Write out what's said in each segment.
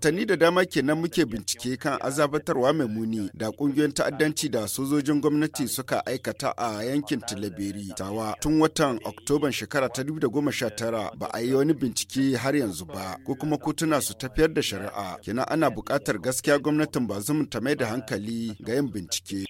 Tani da dama kenan muke bincike kan azabatarwa mai muni da kungiyoyin ta'addanci da sojojin gwamnati suka aikata a yankin Tilaberi tawa tun watan Oktoban shekara ta 2019 ba a yi wani bincike har yanzu ba ko kuma kotuna su tafiyar da shari'a kenan ana buƙatar gaskiya gwamnatin ba zumun ta mai da hankali ga yin bincike.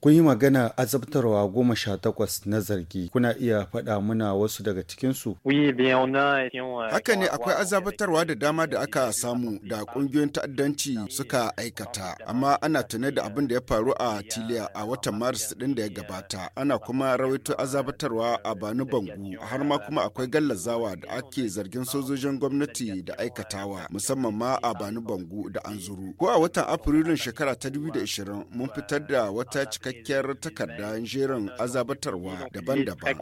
Kun yi magana azabtarwa goma sha takwas na zargi kuna iya faɗa muna wasu daga cikinsu? Euh, Haka ne akwai azabatarwa da dama da aka samu da kungiyoyin ta'addanci suka aikata amma ana tune da abin da ya faru a tiliya a watan maris din da ya gabata ana kuma rawaito azabatarwa a banu bangu har ma kuma akwai gallazawa da ake zargin sojojin gwamnati da aikatawa musamman ma a banu bangu da anzuru ko a watan afrilun shekara ta 2020 mun fitar da wata cikakkiyar takarda jerin azabatarwa daban-daban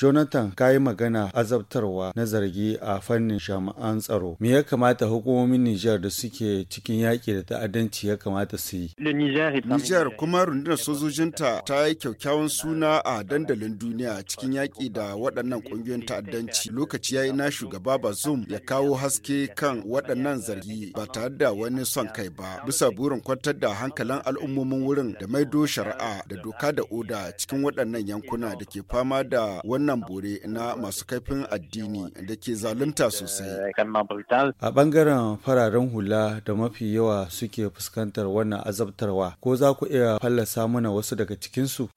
jonathan ka magana azabtarwa na zargi a fannin jami'an tsaro tsaro me ya kamata hukumomin Nijar da suke cikin yaƙi da ta'addanci ya kamata su yi Nijar kuma rundunar sojojinta ta yi kyakkyawan suna a dandalin duniya cikin yaƙi da waɗannan ƙungiyoyin ta'addanci lokaci ya yi na shugaba Bazoum ya kawo haske kan waɗannan zargi ba tare da wani son kai ba bisa burin kwantar da hankalin al'ummomin wurin da maido shari'a da doka da oda cikin waɗannan yankuna da ke fama da wannan bore na masu kaifin addini da ke zalunta sosai. A bangaren fararen hula da mafi yawa suke fuskantar wannan azabtarwa, ko za ku iya fallasa mana wasu daga cikinsu?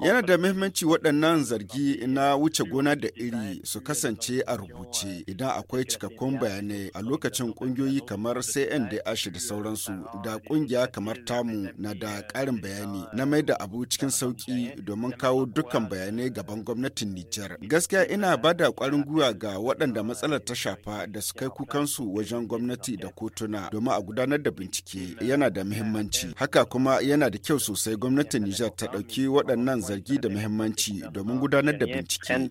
Yana da mahimmanci waɗannan zargi na wuce gona da iri su kasance a rubuce idan akwai cikakkun bayanai a lokacin ƙungiyoyi kamar CNDH da sauransu da ƙungiya kamar tamu na da ƙarin bayani na mai da abu cikin sauƙi domin kawo dukkan bayanai gaban gwamnatin Nijar. Gaskiya ina ba da ƙwarin gwiwa ga waɗanda matsalar matsalar ta shafa da su kai su wajen gwamnati da kotuna domin a gudanar da bincike yana da muhimmanci. Haka kuma yana da kyau sosai gwamnatin Nijar ta ɗauki waɗannan zargi da muhimmanci domin gudanar da bincike.